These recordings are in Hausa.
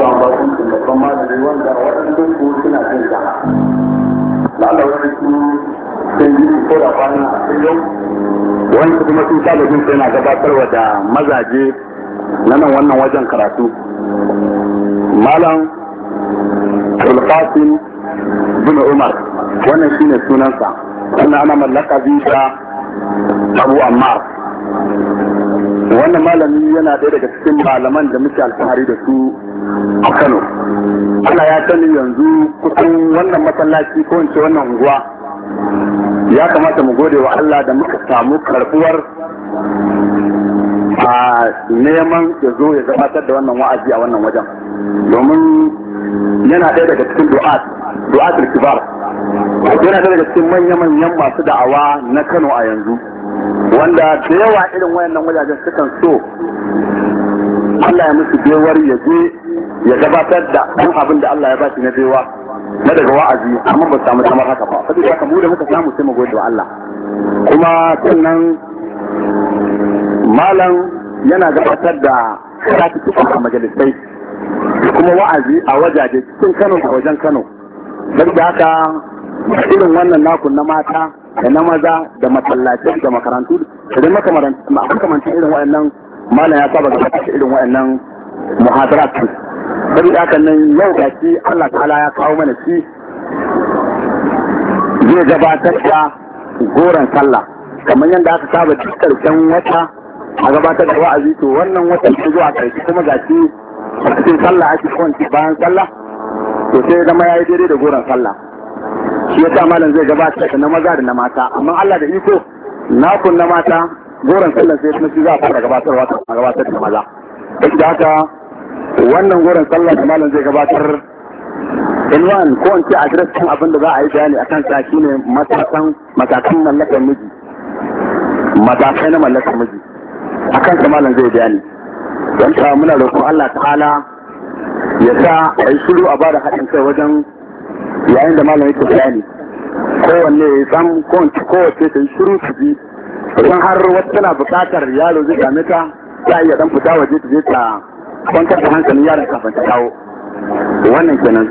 ba su babban wanda waɗanda su suna jin wani su sun yi ko da kwanan a yau wani kuma sun saba jin yana gabatarwa da mazaje na nan wannan wajen karatu malam Abdulkasim bin Umar wannan shine sunansa wannan ana mallaka bisa Abu Ammar wannan malami yana ɗaya daga cikin malaman da muke alfahari da su a Kano. Allah ya sani yanzu kusan wannan masallaci ko in ce wannan unguwa ya kamata mu gode wa Allah da muka samu karbuwar a neman ya zo ya gabatar da wannan wa'azi a wannan wajen domin yana ɗaya daga cikin du'at du'atul kibar yana ɗaya daga cikin manya-manyan masu da'awa na Kano a yanzu wanda da yawa irin wayannan wajajen sukan so Allah ya musu bewar ya je ya gabatar da duk abin da Allah ya ba shi na bewa na daga wa'azi amma ba samu kamar haka ba saboda haka mu da muka samu sai mu gode wa Allah kuma sannan malam yana gabatar da karatu a majalisai kuma wa'azi a wajaje cikin Kano da wajen Kano duk da haka irin wannan naku na mata da na maza da masallacin da makarantu da makamantan irin waɗannan malam ya saba ga kashe irin waɗannan muhadarat saboda haka nan yau ga shi Allah ta'ala ya kawo mana shi zai gabatar da goron sallah kamar yadda aka saba duk karshen wata a gabatar da wa'azi to wannan watan ta zuwa karshe kuma ga shi a cikin sallah ake kwanci bayan sallah to sai zama ya yi daidai da goron sallah shi ya sa malam zai gabatar da na maza da na mata amma Allah da iko nakun na mata goron sallar sai kuma shi za a fara gabatarwa a gabatar da maza duk da haka wannan goron sallar da malam zai gabatar in one ko in ce adres kan abin da za a yi bayani a kan sa ne matakan matakan mallakar miji matakai na mallakar miji a kan sa malam zai bayani don ta muna roƙon Allah ta'ala ya sa a yi shiru a bada haɗin kai wajen yayin da malam yake bayani kowanne ya san kowace ta yi shiru su bi idan har wata tana buƙatar yaro zai same ta ta iya dan fita waje ta je ta kwantar da hankalin yaron kafin ta kawo wannan kenan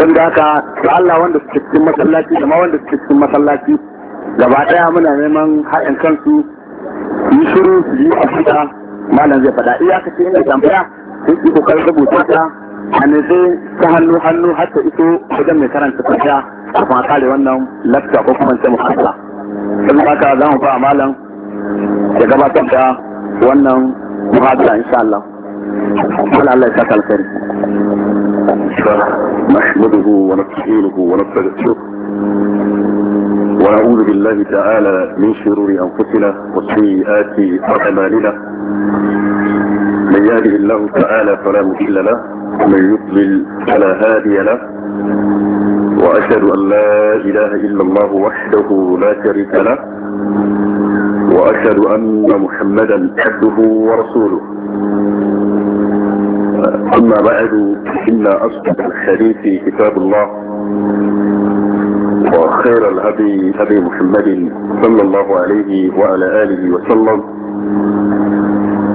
sun da haka da Allah wanda suke cikin masallaci da ma wanda suke cikin masallaci gaba daya muna neman haɗin kansu yi shiru su yi fita malam zai faɗa iyakaci inda tambaya sun yi kokarin rubuta ta a nufi ta hannu hannu har ta iso wajen mai karanta tafiya kafin a kare wannan lafta ko kuma ta muhalla. Sun haka za mu fa a malam ya gabatar da wannan muhadara insha Allah قال الله يسعدك على خير نحمده ونستعينه ونستغفره ونعوذ بالله تعالى من شرور انفسنا وسيئات اعمالنا من يهده الله تعالى فلا مضل له ومن يضلل فلا هادي له واشهد ان لا اله الا الله وحده لا شريك له وأشهد أن محمدا عبده ورسوله أما بعد إن أصدق الحديث كتاب الله وخير الهدي هدي محمد صلى الله عليه وعلى آله وسلم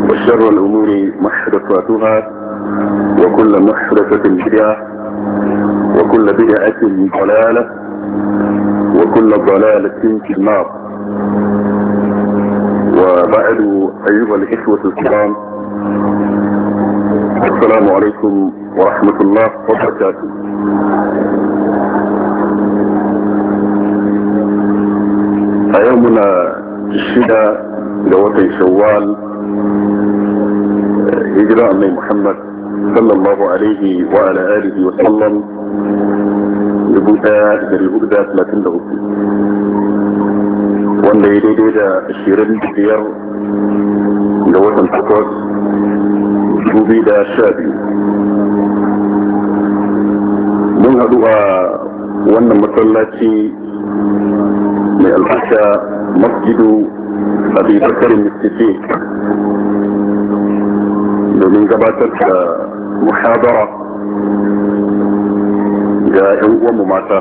وشر الأمور محدثاتها وكل محدثة بدعة وكل بدعة ضلالة وكل ضلالة في النار أسعد أيها الإخوة الكرام السلام عليكم ورحمة الله وبركاته أيامنا الشدة لوطي شوال هجراء من محمد صلى الله عليه وعلى آله وسلم لبدا لبدا لكن له wanda ya daidai da shirin biyar da watan takwas dubi da sha biyu mun haɗu a wannan matsalaci mai alfasha masjidu abi bakar mistifi domin gabatar da muhabara ga 'yan uwanmu mata